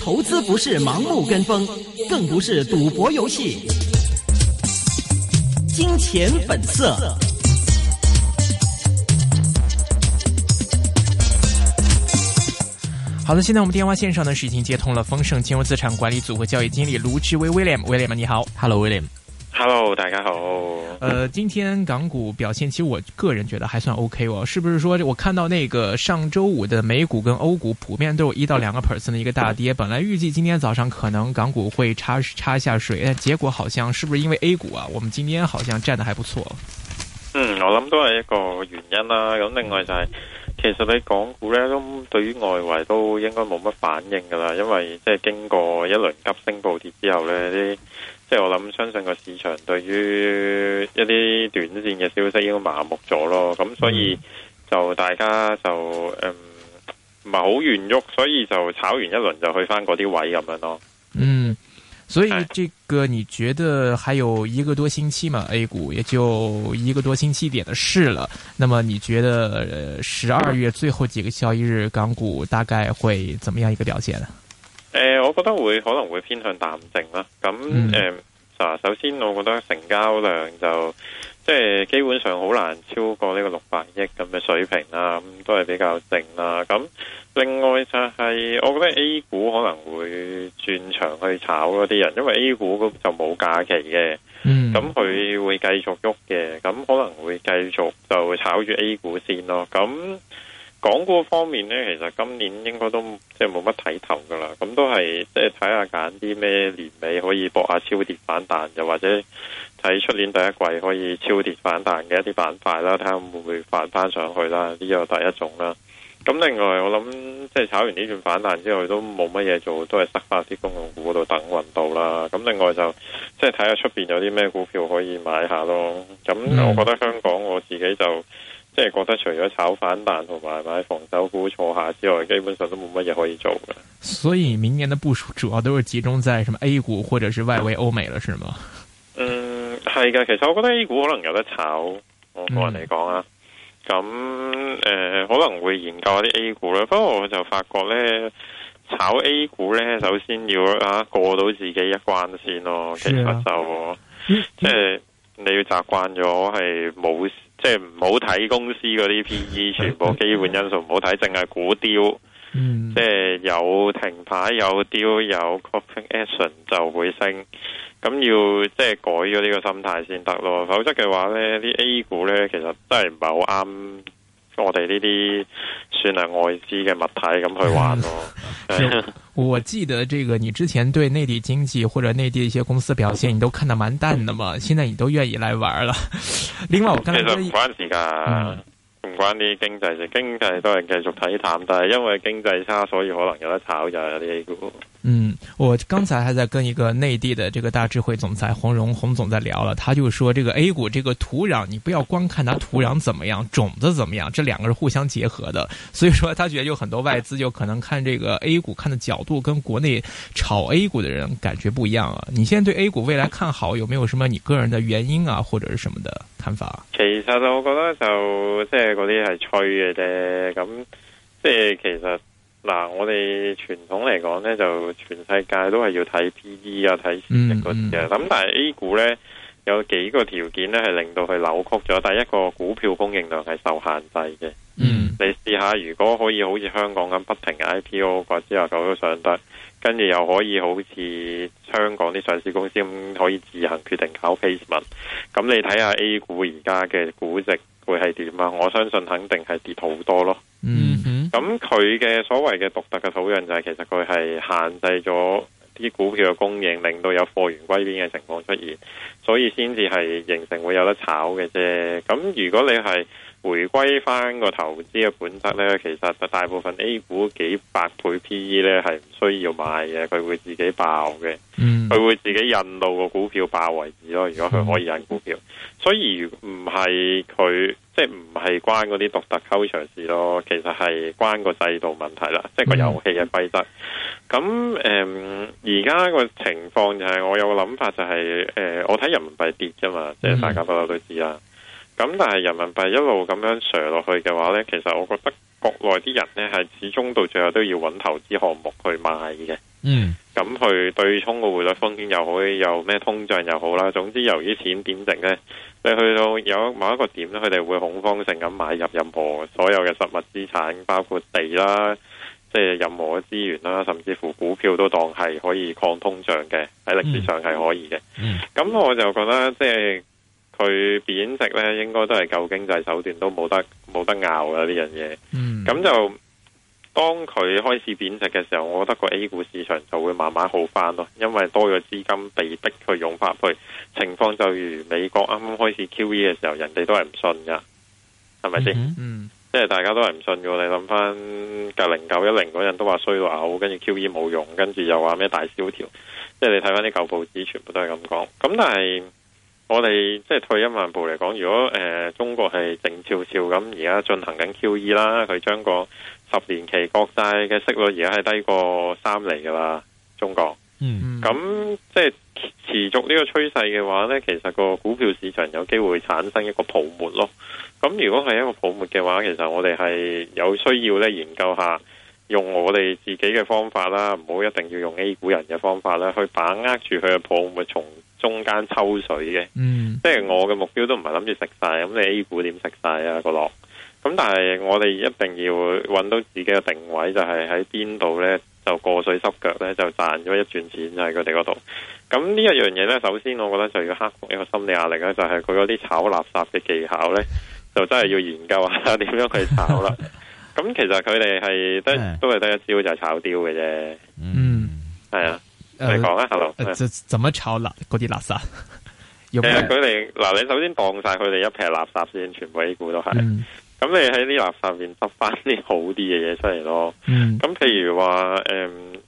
投資不是盲目跟風，更不是賭博遊戲。金錢本色。粉色好的，現在我們電話線上呢是已經接通了豐盛金融資產管理組合交易經理盧志威 William，威廉，你好，Hello William。Hello，大家好、呃。今天港股表現，其實我個人覺得還算 OK 哦。是不是說我看到那個上周五的美股跟歐股普遍都有一到兩個 percent 的一個大跌？本來預計今天早上可能港股會插插下水，但結果好像是不是因為 A 股啊？我們今天好像站得還不錯。嗯，我諗都係一個原因啦、啊。咁另外就係、是，其實你港股呢，都、嗯、對於外圍都應該冇乜反應噶啦，因為即係經過一輪急升暴跌之後呢。啲。即係我諗，相信個市場對於一啲短線嘅消息已經麻木咗咯，咁、嗯、所以就大家就誒唔係好願喐，所以就炒完一輪就去翻嗰啲位咁樣咯。嗯，所以這個你覺得還有一個多星期嘛？A 股也就一個多星期點嘅事了。那麼你覺得十二、呃、月最後幾個交易日港股大概會怎麼樣一個表現呢？誒、嗯呃，我覺得會可能會偏向淡靜啦。咁誒。呃嗯嗱，首先我覺得成交量就即係基本上好難超過呢個六百億咁嘅水平啦，咁都係比較靜啦。咁另外就係我覺得 A 股可能會轉場去炒嗰啲人，因為 A 股就冇假期嘅，咁佢、嗯、會繼續喐嘅，咁可能會繼續就炒住 A 股先咯，咁。港股方面呢，其實今年應該都即係冇乜睇頭噶啦，咁都係即係睇下揀啲咩年尾可以搏下超跌反彈，又或者睇出年第一季可以超跌反彈嘅一啲板塊啦，睇下會唔會反翻上去啦？呢個第一種啦。咁另外我諗，即係炒完呢段反彈之後都冇乜嘢做，都係塞翻啲公共股度等運到啦。咁另外就即係睇下出邊有啲咩股票可以買下咯。咁我覺得香港我自己就。即係覺得除咗炒反彈同埋買防守股坐下之外，基本上都冇乜嘢可以做嘅。所以明年嘅部署主要都是集中在什麼 A 股，或者是外圍歐美了，是嗎？嗯，係嘅。其實我覺得 A 股可能有得炒，我個人嚟講啊。咁誒、嗯嗯，可能會研究一啲 A 股啦。不過我就發覺呢，炒 A 股呢，首先要啊過到自己一關先咯。啊、其實就、嗯、即係你要習慣咗係冇。即係唔好睇公司嗰啲 PE，全部基本因素唔好睇，淨係股雕，嗯、即係有停牌、有雕、有 copying action 就會升。咁要即係改咗呢個心態先得咯，否則嘅話呢啲 A 股呢，其實真係唔係好啱我哋呢啲算係外資嘅物體咁去玩咯。嗯 我記得這個，你之前對內地經濟或者內地一些公司表現，你都看得蠻淡的嘛。現在你都願意來玩了。另外，我剛才這個不關時間，唔、嗯、關啲經濟事，經濟都係繼續睇淡，但係因為經濟差，所以可能有得炒就有啲 A 股嗯，我剛才還在跟一個內地的這個大智慧總裁洪榮洪總在聊了，他就說這個 A 股這個土壤，你不要光看它土壤怎麼樣，種子怎麼樣，這兩個是互相結合的。所以說，他覺得有很多外資就可能看這個 A 股看的角度跟國內炒 A 股的人感覺不一樣啊。你現在對 A 股未來看好，有沒有什麼你個人的原因啊，或者是什麼的看法？其實我覺得就即係嗰啲係吹嘅啫。咁、就、即係、其實。嗱，我哋傳統嚟講呢，就全世界都係要睇 P E 啊，睇市值嗰啲啊。咁、嗯嗯、但係 A 股呢，有幾個條件呢，係令到佢扭曲咗。第一個，股票供應量係受限制嘅。嗯，你試下如果可以好似香港咁不停 I P O 或者阿狗都上得，跟住又可以好似香港啲上市公司咁可以自行決定搞 placement。咁你睇下 A 股而家嘅估值。會係點啊？我相信肯定係跌好多咯。嗯哼，咁佢嘅所謂嘅獨特嘅土壤就係，其實佢係限制咗啲股票嘅供應，令到有貨源歸邊嘅情況出現，所以先至係形成會有得炒嘅啫。咁如果你係。回歸翻個投資嘅本質呢，其實大部分 A 股幾百倍 PE 呢係唔需要買嘅，佢會自己爆嘅，佢、嗯、會自己印到個股票爆為止咯。如果佢可以印股票，嗯、所以唔係佢即係唔係關嗰啲獨特抽象事咯，其實係關個制度問題啦，即係個遊戲嘅規則。咁誒、嗯，而家個情況就係、是、我有個諗法就係、是、誒、呃，我睇人民幣跌啫嘛，即係、嗯、大家都有都知啦。咁但係人民幣一路咁樣垂落去嘅話呢，其實我覺得國內啲人呢係始終到最後都要揾投資項目去買嘅。嗯，咁去對沖個匯率風險又好，又咩通脹又好啦。總之由於錢貶值呢，你去到有某一個點呢，佢哋會恐慌性咁買入任何所有嘅實物資產，包括地啦，即係任何資源啦，甚至乎股票都當係可以抗通脹嘅。喺歷史上係可以嘅。咁、嗯嗯、我就覺得即係。佢貶值咧，應該都係舊經濟手段都冇得冇得拗㗎！呢樣嘢，咁、mm hmm. 就當佢開始貶值嘅時候，我覺得個 A 股市場就會慢慢好翻咯，因為多咗資金被逼去用返去，情況就如美國啱啱開始 QE 嘅時候，人哋都係唔信噶，係咪先？嗯、hmm.，mm hmm. 即係大家都係唔信嘅。你諗翻隔零九一零嗰陣都話衰到嘔，跟住 QE 冇用，跟住又話咩大蕭條，即係你睇翻啲舊報紙，全部都係咁講。咁但係。我哋即係退一萬步嚟講，如果、呃、中國係靜悄悄咁而家進行緊 QE 啦，佢將個十年期國債嘅息率而家係低過三厘噶啦，中國。嗯，咁即係持續呢個趨勢嘅話咧，其實個股票市場有機會產生一個泡沫咯。咁如果係一個泡沫嘅話，其實我哋係有需要咧研究下，用我哋自己嘅方法啦，唔好一定要用 A 股人嘅方法啦，去把握住佢嘅泡沫，從中間抽水嘅。嗯，即係我嘅目標都唔係諗住食晒，咁你 A 股點食晒啊，個落？咁但係我哋一定要揾到自己嘅定位，就係喺邊度呢？就過水濕腳呢，就賺咗一轉錢就係佢哋嗰度。咁呢一樣嘢呢，首先我覺得就要克服一個心理壓力咧，就係佢嗰啲炒垃圾嘅技巧呢，就真係要研究下點樣去炒啦。 咁其實佢哋係都都係得一招就係炒雕嘅啫。嗯，係啊的，呃、你講啊，Hello。就怎麼炒垃嗰啲垃圾？其實佢哋嗱，你首先當晒佢哋一撇垃圾先，全部 A 股都係。咁、嗯、你喺啲垃圾入邊執翻啲好啲嘅嘢出嚟咯。咁、嗯、譬如話誒，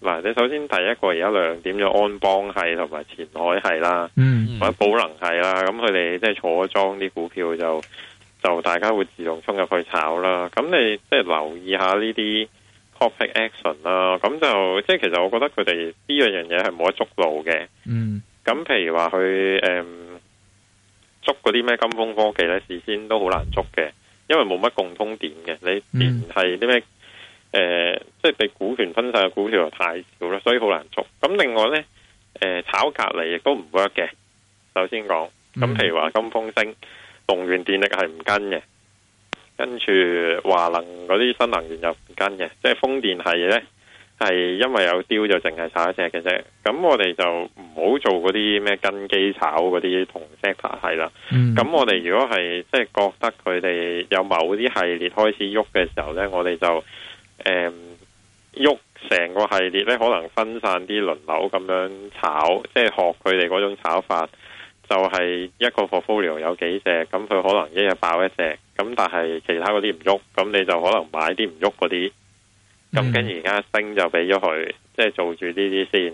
嗱、嗯，你首先第一個而家兩點就安邦系同埋前海系啦，嗯，或者寶能系啦，咁佢哋即係坐莊啲股票就。就大家會自動沖入去炒啦，咁你即係留意一下呢啲 corporate action 啦、啊，咁就即係其實我覺得佢哋呢樣嘢係冇得捉路嘅、嗯。嗯，咁譬如話去誒捉嗰啲咩金風科技咧，事先都好難捉嘅，因為冇乜共通點嘅。你連係啲咩誒，即係被股權分散嘅股票又太少啦，所以好難捉。咁另外咧，誒、呃、炒隔籬亦都唔 work 嘅。首先講，咁譬如話金風升。龍源電力係唔跟嘅，跟住華能嗰啲新能源又唔跟嘅，即係風電係呢，係因為有跌就淨係炒一隻嘅啫。咁我哋就唔好做嗰啲咩跟機炒嗰啲同 set 係啦。咁、嗯、我哋如果係即係覺得佢哋有某啲系列開始喐嘅時候呢，我哋就誒喐成個系列呢，可能分散啲輪流咁樣炒，即係學佢哋嗰種炒法。就係一個 portfolio 有幾隻，咁佢可能一日爆一隻，咁但係其他嗰啲唔喐，咁你就可能買啲唔喐嗰啲，咁跟住而家升就俾咗佢，即係做住呢啲先。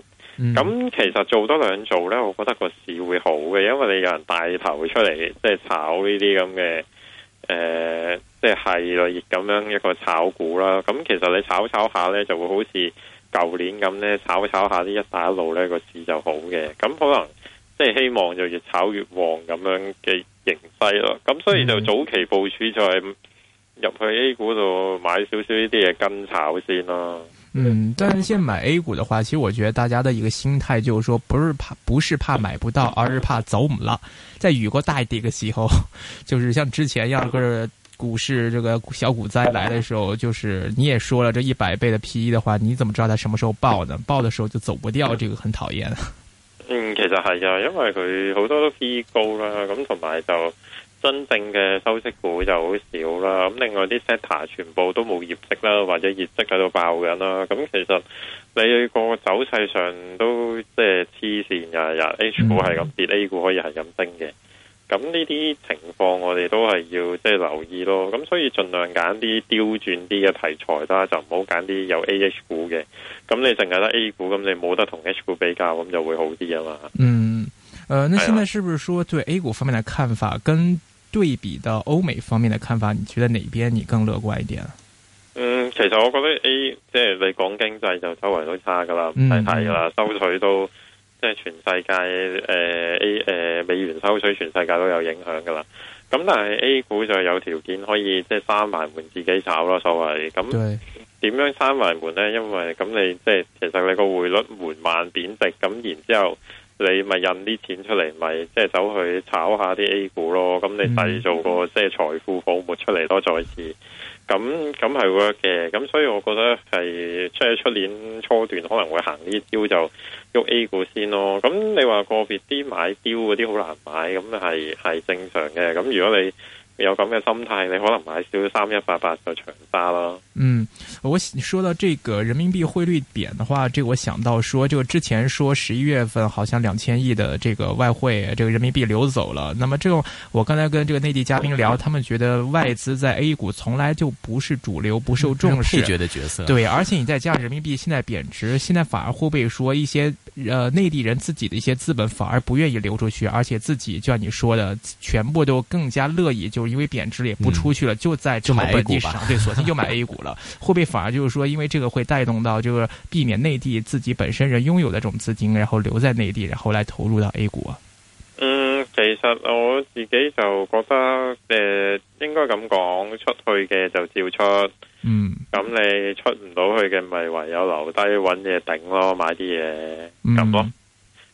咁其實做多兩做呢，我覺得個市會好嘅，因為你有人帶頭出嚟，即係炒呢啲咁嘅，誒、呃，即係係咯，咁樣的一個炒股啦。咁其實你炒炒下呢，就會好似舊年咁呢，炒炒下呢，一帶一路呢個市就好嘅。咁可能。即係希望就越炒越旺咁樣嘅形勢咯，咁所以就早期部署就係入去 A 股度買少少呢啲嘢跟炒先咯。嗯，但係先買 A 股嘅話，其實我覺得大家的一個心態就是說，不是怕，不是怕買不到，而是怕走唔甩。在雨過大地嘅時候，就是像之前，要是股市這個小股災來嘅時候，就是你也說了，這一百倍嘅 PE 嘅話，你怎麼知道它什麼時候爆呢？爆嘅時候就走唔掉，呢、這個很討厭。嗯，其實係啊，因為佢好多都 P 高啦，咁同埋就真正嘅收息股就好少啦。咁另外啲 sector 全部都冇業績啦，或者業績喺度爆緊、啊、啦。咁其實你個走勢上都即係黐線㗎，由 H 股係咁跌，A 股可以係咁升嘅。咁呢啲情況我哋都係要即係、就是、留意咯，咁所以盡量揀啲刁鑽啲嘅題材啦，就唔好揀啲有 A H 股嘅。咁你淨係得 A 股，咁你冇得同 H 股比較，咁就會好啲啊嘛。嗯，誒、呃，那現在是不是說對 A 股方面的看法，的跟對比到歐美方面的看法，你覺得哪邊你更樂觀一點？嗯，其實我覺得 A 即係你講經濟就周圍都差噶啦，唔使睇啦，收取都。即係全世界誒 A 誒美元收水，全世界都有影響噶啦。咁但係 A 股就有條件可以即係閂埋門自己炒咯，所謂咁點樣閂埋門呢？因為咁你即係其實你個匯率緩慢貶值，咁然之後你咪印啲錢出嚟，咪即係走去炒下啲 A 股咯。咁你製造、那個、嗯、即係財富泡沫出嚟咯，再次。咁咁係 work 嘅，咁所以我覺得係出年初段可能會行呢啲招就喐 A 股先咯。咁你話個別啲買標嗰啲好難買，咁係係正常嘅。咁如果你有咁嘅心態，你可能買少三一八八就長揸啦。嗯，我說到這個人民幣匯率貶的話，這個、我想到說，就之前說十一月份好像兩千億的這個外匯，這個人民幣流走了。那麼，這種我剛才跟這個內地嘉賓聊，嗯、他們覺得外資在 A 股從來就不是主流，嗯、不受重視。配角的角色。對，而且你再加上人民幣現在貶值，現在反而會被說一些，呃，內地人自己的一些資本反而不願意流出去，而且自己，就像你說的，全部都更加樂意就。因為貶值也不出去了，嗯、就在本地市場，對，索性就買 A 股啦。會不會反而就是說，因為這個會帶動到，就是避免內地自己本身人擁有的這種資金，然後留在內地，然後來投入到 A 股、啊。嗯，其實我自己就覺得，誒、呃，應該咁講，出去嘅就照出，嗯，咁、嗯、你出唔到去嘅咪唯有留低搵嘢頂咯，買啲嘢咁咯。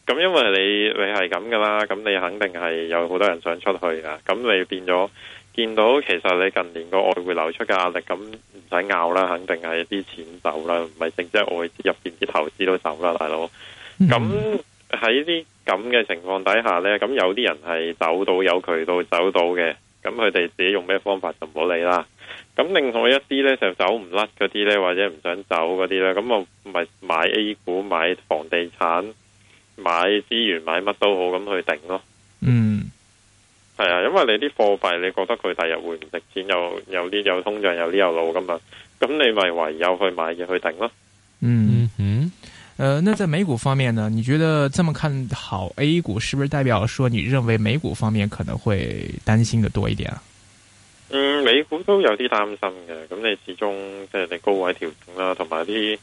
咁因為你你係咁噶啦，咁你肯定係有好多人想出去噶。咁你變咗見到，其實你近年個外匯流出嘅壓力，咁唔使拗啦，肯定係啲錢走啦，唔係淨即係外入邊啲投資都走啦，大佬。咁喺啲咁嘅情況底下呢，咁有啲人係走到有渠道走到嘅，咁佢哋自己用咩方法就唔好理啦。咁另外一啲呢，就走唔甩嗰啲呢，或者唔想走嗰啲呢，咁我係買 A 股買房地產。買資源買乜都好，咁去定咯，嗯，係啊，因為你啲貨幣你覺得佢第日會唔值錢，有有啲有通脹有啲有路咁啊，咁你咪唯有去買嘢去定咯。嗯，嗯哼，誒、呃，那在美股方面呢？你覺得這麼看好 A 股，是不是代表說你認為美股方面可能會擔心得多一點啊？嗯，美股都有啲擔心嘅，咁你始終即係你高位調整啦，同埋啲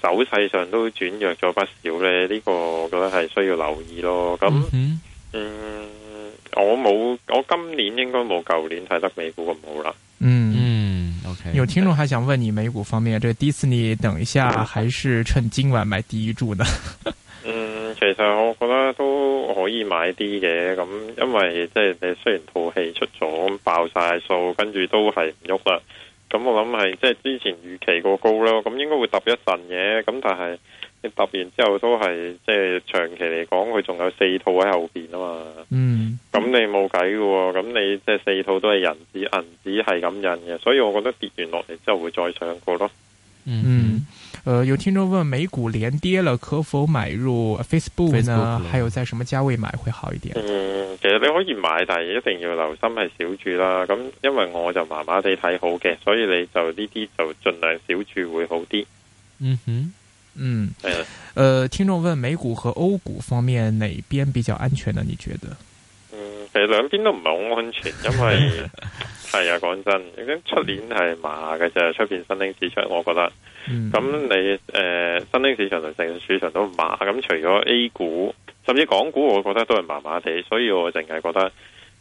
走勢上都轉弱咗不少咧，呢、這個我覺得係需要留意咯。咁嗯，嗯，嗯，我冇，我今年應該冇舊年睇得美股咁好啦。嗯嗯，OK。有聽眾還想問你美股方面，這個、迪士尼等一下還是趁今晚買第一注呢？嗯，其實。我覺得都可以買啲嘅，咁因為即係你雖然套戲出咗，爆晒數，跟住都係唔喐啦。咁我諗係即係之前預期過高咯，咁應該會揼一陣嘅。咁但係你揼完之後都係即係長期嚟講，佢仲有四套喺後邊啊嘛。嗯、mm，咁、hmm. 你冇計噶，咁你即係四套都係銀紙銀紙係咁印嘅，所以我覺得跌完落嚟之後會再上過咯。嗯、mm。Hmm. 呃，有聽眾問美股連跌了，可否買入 Facebook 呢？Facebook, 嗯、還有在什麼價位買會好一點？嗯，其實你可以買，但係一定要留心係少住啦。咁因為我就麻麻地睇好嘅，所以你就呢啲就盡量少注會好啲。嗯哼，嗯 呃，聽眾問美股和歐股方面，哪邊比較安全呢？你覺得？其實兩邊都唔係好安全，因為係 啊，講真，已經出年係麻嘅啫，出邊新興市場，我覺得，咁、嗯、你誒、呃、新興市場同成市場都麻，咁除咗 A 股，甚至港股，我覺得都係麻麻地，所以我淨係覺得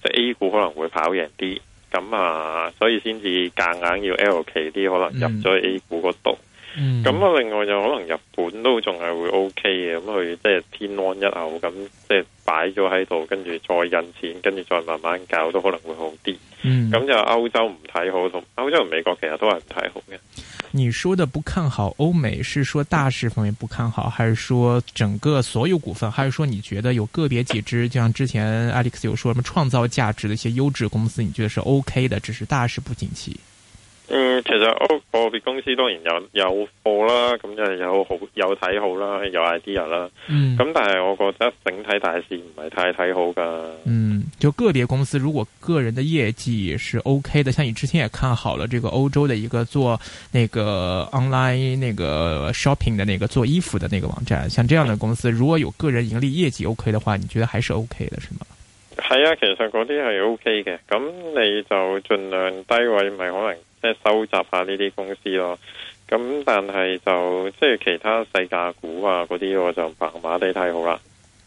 即係 A 股可能會跑贏啲，咁啊，所以先至夾硬要 LK 啲，可能入咗 A 股嗰度。嗯.咁啊，嗯、另外有可能日本都仲係會 O K 嘅，咁佢即係天安一牛咁，即係擺咗喺度，跟住再印錢，跟住再慢慢搞都可能會好啲。咁就歐洲唔睇好同歐洲同美國其實都係唔睇好嘅。你說的不看好歐美，是說大市方面不看好，還是說整個所有股份，還是說你覺得有個別幾支？就像之前 Alex 有說什麼創造價值的一些優質公司，你覺得是 OK 的，只是大市不景氣？嗯，其實個個別公司當然有有貨啦，咁就有好有睇好啦，有 idea 啦，咁、嗯、但係我覺得整體大市唔係太睇好噶。嗯，就個別公司如果個人的業績是 OK 的，像你之前也看好了這個歐洲的一個做那個 online 那個 shopping 的那個做衣服的那個網站，像這樣的公司如果有個人盈利業績 OK 的話，你覺得還是 OK 的，是嗎？係啊，其實嗰啲係 OK 嘅，咁你就盡量低位咪可能即係收集下呢啲公司咯。咁但係就即係其他細價股啊嗰啲我就麻麻哋睇好啦。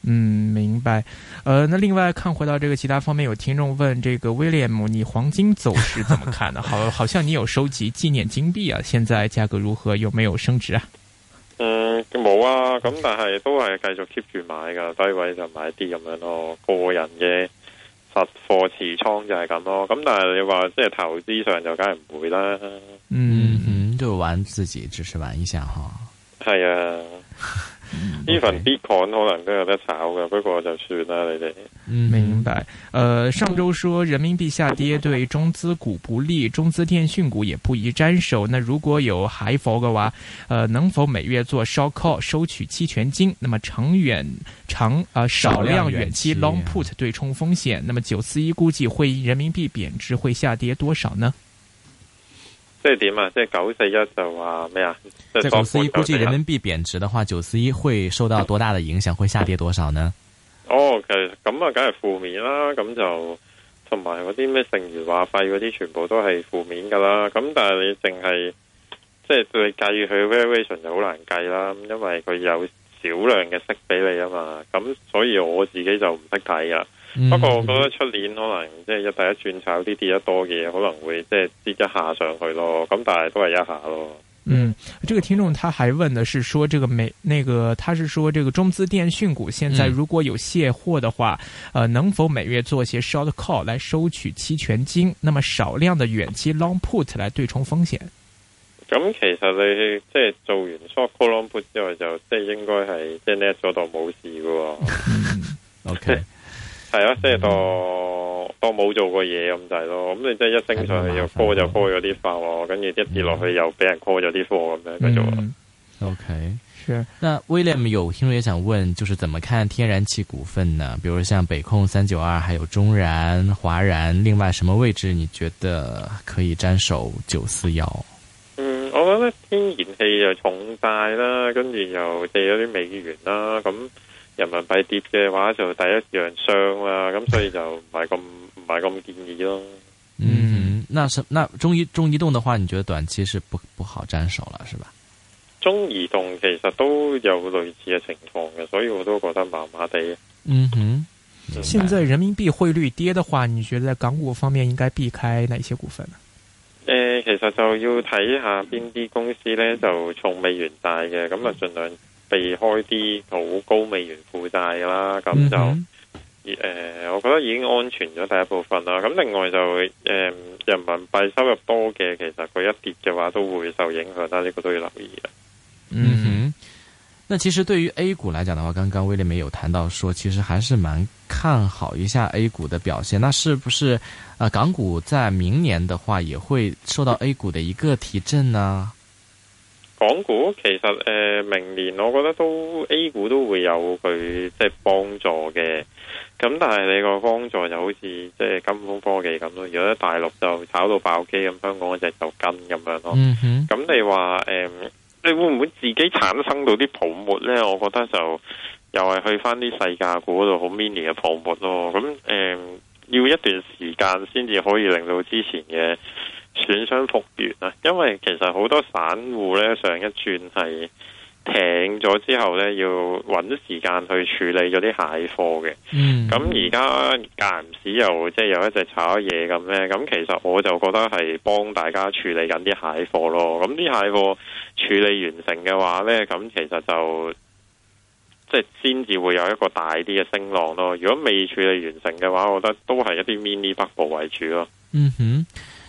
嗯，明白。呃，那另外看回到這個其他方面，有聽眾問：這個 William，你黃金走勢怎麼看呢？ 好，好像你有收集紀念金幣啊，現在價格如何？有沒有升值啊？嗯，冇啊，咁但係都係繼續 keep 住買噶低位就買啲咁樣咯，個人嘅實貨持倉就係咁咯，咁但係你話即係投資上就梗係唔會啦。嗯嗯，就玩自己，只是玩一下哈。係啊，呢份 Bitcoin 可能都有得炒噶，不過就算啦，你哋。嗯嗯對，呃，上周說人民幣下跌對中資股不利，中資電訊股也不宜沾手。那如果有還否嘅話，呃，能否每月做 short call 收取期權金？那麼長遠長呃少量遠期 long put 對沖風險？那麼九四一估計會人民幣貶值會下跌多少呢？即係點啊？即係九四一就話咩啊？這九四一估計人民幣貶值的話，九四一會受到多大的影響？會下跌多少呢？哦，其實咁啊，梗係負面啦，咁就同埋嗰啲咩剩餘話費嗰啲，全部都係負面噶啦。咁但係你淨係即係計計佢 valuation 就好難計啦，因為佢有少量嘅息俾你啊嘛。咁所以我自己就唔識睇啊。嗯、不過我覺得出年可能即係一第一轉炒啲跌得多嘅嘢，可能會即係跌一下上去咯。咁但係都係一下咯。嗯，這個聽眾他還問的是說，這個美那個他是說，這個中資電訊股現在如果有卸貨的話，嗯、呃，能否每月做些 short call 來收取期權金，那麼少量的遠期 long put 來對沖風險。咁其實你即係做完 short call long put 之外，就即係應該係即係呢一度冇事嘅。OK，係啊，即係到。當冇做過嘢咁就係咯，咁你即係一升上去又 call，沽就 call 咗啲貨，跟住、嗯、一跌落去又俾人 call 咗啲貨咁樣咁做咯。嗯嗯、o、okay. K，是。那 William 有聽眾也想問，就是怎麼看天然氣股份呢？比如像北控三九二，還有中燃、華燃，另外什麼位置你覺得可以沾手九四幺？嗯，我覺得天然氣又重大啦，跟住又借咗啲美元啦，咁。人民幣跌嘅話就第一樣傷啦，咁所以就唔係咁唔係咁建議咯。嗯哼，那什那中移中移動的話，你覺得短期是不不好沾手了，是吧？中移動其實都有類似嘅情況嘅，所以我都覺得麻麻地。嗯哼，是現在人民幣匯率跌嘅話，你覺得喺港股方面應該避開哪些股份呢？誒、呃，其實就要睇下邊啲公司咧，就從美元大嘅，咁啊、嗯、哼盡量。避開啲好高美元負債啦，咁就誒、嗯哼呃，我覺得已經安全咗第一部分啦。咁另外就誒、呃，人民幣收入多嘅，其實佢一跌嘅話都會受影響啦，呢、這個都要留意嘅。嗯哼，那其實對於 A 股嚟講的話，剛剛威廉梅有談到說，其實還是蠻看好一下 A 股嘅表現。那是不是啊、呃？港股在明年的話，也會受到 A 股的一個提振呢？港股其實誒、呃，明年我覺得都 A 股都會有佢即係幫助嘅，咁但係你個幫助就好似即係金風科技咁咯。如果喺大陸就炒到爆機咁，香港就就跟咁樣咯。咁、嗯、哼你話誒、呃，你會唔會自己產生到啲泡沫呢？我覺得就又係去翻啲世界股嗰度好 mini 嘅泡沫咯。咁誒、呃，要一段時間先至可以令到之前嘅。損傷復原啊，因為其實好多散戶咧上一轉係停咗之後咧，要搵時間去處理咗啲蟹貨嘅。嗯，咁而家間唔時又即係有一隻炒嘢咁咧，咁其實我就覺得係幫大家處理緊啲蟹貨咯。咁啲蟹貨處理完成嘅話咧，咁其實就即係先至會有一個大啲嘅升浪咯。如果未處理完成嘅話，我覺得都係一啲 mini 瀑布為主咯。嗯哼。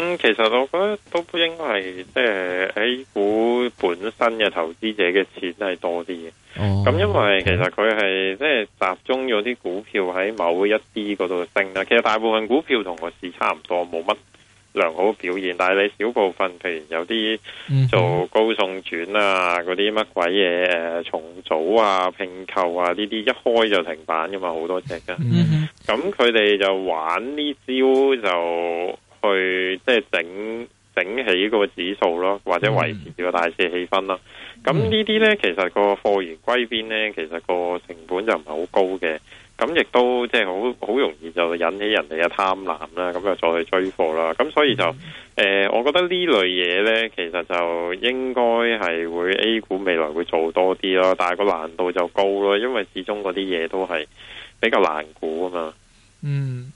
嗯，其實我覺得都不應該係即係喺股本身嘅投資者嘅錢係多啲嘅。咁、哦、因為其實佢係即係集中咗啲股票喺某一啲嗰度升啦。其實大部分股票同個市差唔多，冇乜良好的表現。但係你小部分，譬如有啲做高送轉啊，嗰啲乜鬼嘢重組啊、併購啊呢啲，一開就停板噶嘛，好多隻噶。咁佢哋就玩呢招就。去即係整整起個指數咯，或者維持住個大市氣氛啦。咁呢啲呢，其實個貨源歸邊呢，其實個成本就唔係好高嘅。咁亦都即係好好容易就引起人哋嘅貪婪啦。咁就再去追貨啦。咁所以就誒、嗯呃，我覺得呢類嘢呢，其實就應該係會 A 股未來會做多啲咯。但係個難度就高咯，因為始終嗰啲嘢都係比較難估啊嘛。嗯。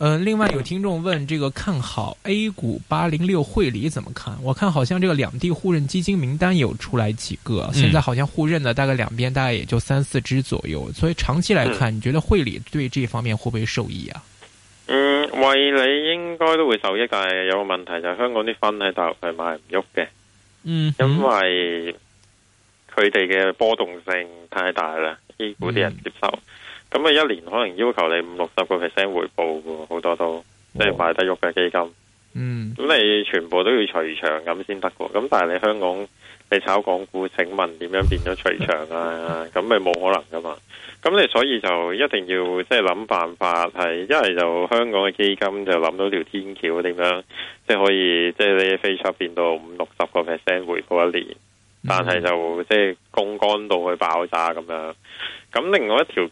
嗯，另外有聽眾問這個看好 A 股八零六惠理怎麼看？我看好像這個兩地互認基金名單有出來幾個，嗯、現在好像互認的大概兩邊大概也就三四隻左右，所以長期來看，嗯、你覺得惠理對這方面會不會受益啊？嗯，惠理應該都會受益，但係有個問題就係香港啲 fund 喺大陸係賣唔喐嘅，嗯，因為佢哋嘅波動性太大啦，A 股啲人接受。嗯咁啊，一年可能要求你五六十個 percent 回報嘅，好多都即係賣得喐嘅基金。嗯、哦，咁你全部都要除場咁先得喎。咁但係你香港你炒港股，請問點樣變咗除場啊？咁咪冇可能噶嘛？咁你所以就一定要即係諗辦法，係一係就香港嘅基金就諗到條天橋點樣，即係可以即係你飛出變到五六十個 percent 回報一年，嗯、但係就即係槓桿到去爆炸咁樣。咁另外一條。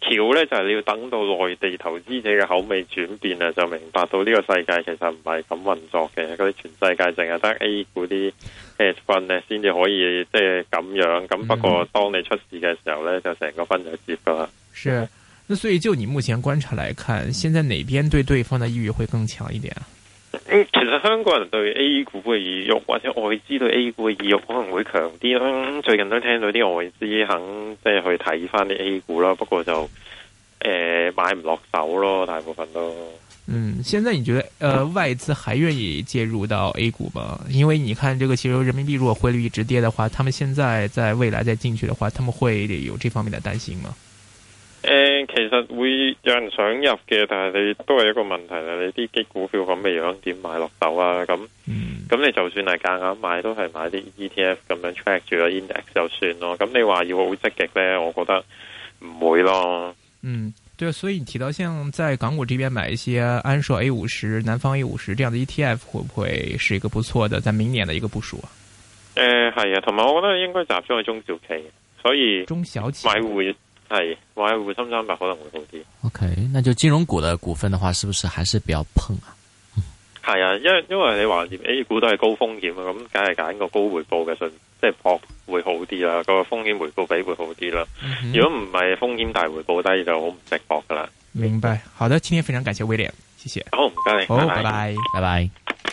橋咧就係你要等到內地投資者嘅口味轉變，就明白到呢個世界其實唔係咁運作嘅。嗰啲全世界淨係得 A 股啲 A 分咧，先至可以即係咁樣。咁不過當你出事嘅時候咧，就成個分就接噶啦。是，那所以就你目前觀察來看，現在哪邊對對方嘅意欲會更強一點？嗯、其實香港人對 A 股嘅意欲，或者外資對 A 股嘅意欲可能會強啲啦。最近都聽到啲外資肯即係去睇返啲 A 股啦，不過就誒、呃、買唔落手咯，大部分都嗯，現在你覺得誒、呃、外資還願意介入到 A 股嗎？因為你看，這個其實人民幣如果匯率一直跌嘅話，他們現在在未來再進去嘅話，他們會有這方面的擔心嗎？誒、嗯，其實會有人想入嘅，但係你都係一個問題，你啲機股票咁嘅樣，點買落手啊？咁咁、嗯、你就算係夾硬買，都係買啲 ETF 咁樣 track 住個 index 就算咯。咁你話要好積極咧，我覺得唔會咯。嗯，對，所以你提到，像在港股呢邊買一些安碩 A 五十、南方 A 五十這樣的 ETF，會唔會是一個不錯的在明年的一個部署啊？誒、嗯，係啊，同埋我覺得應該集中喺中小企，所以中小企買會。係，話係滬深三百可能會好啲。O、okay, K，那就金融股的股份的話，是不是還是比較碰啊？係啊，因為因為你話啲 A 股都係高風險啊，咁梗係揀個高回報嘅信，即係博會好啲啦，個風險回報比會好啲啦。嗯、哼如果唔係風險大回報低就好唔值博㗎啦。明白，好的，今天非常感謝 William，謝謝。好唔該，好拜拜，拜拜 bye。Bye bye